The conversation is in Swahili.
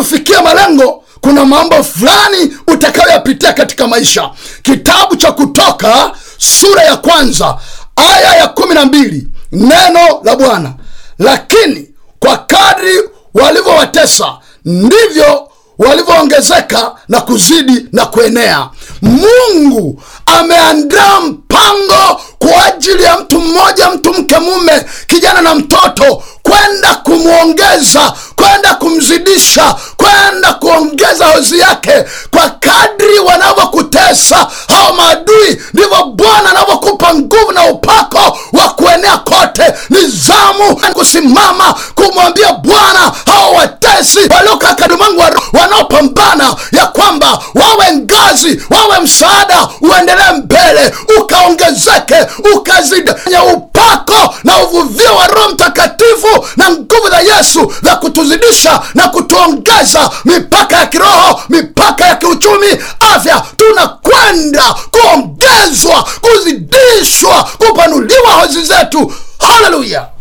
kufikia malengo kuna mambo fulani utakayoyapitia katika maisha kitabu cha kutoka sura ya kwanza aya ya kumi na mbili neno la bwana lakini kwa kadri walivyowatesa ndivyo walivyoongezeka na kuzidi na kuenea mungu ameandaa mpango kwa ajili ya mtu mmoja mtu mke mume kijana na mtoto kwenda kumwongeza, kwenda kumzidisha, kwenda kuongeza hozi yake. Kwa kadri wanavyokutesa hao maadui, ndivyo Bwana anavyokupa nguvu na upako wa kuenea kote. zamu kusimama kumwambia Bwana hao watesi waliokakadumwangu wanaopambana ya kwamba wawe ngazi, wawe msaada, uendelee mbele, ukaongezeke, ukazidenye upako na uvuvio na nguvu za Yesu za kutuzidisha na kutuongeza mipaka ya kiroho, mipaka ya kiuchumi, afya. Tunakwenda kuongezwa, kuzidishwa, kupanuliwa hozi zetu. Haleluya!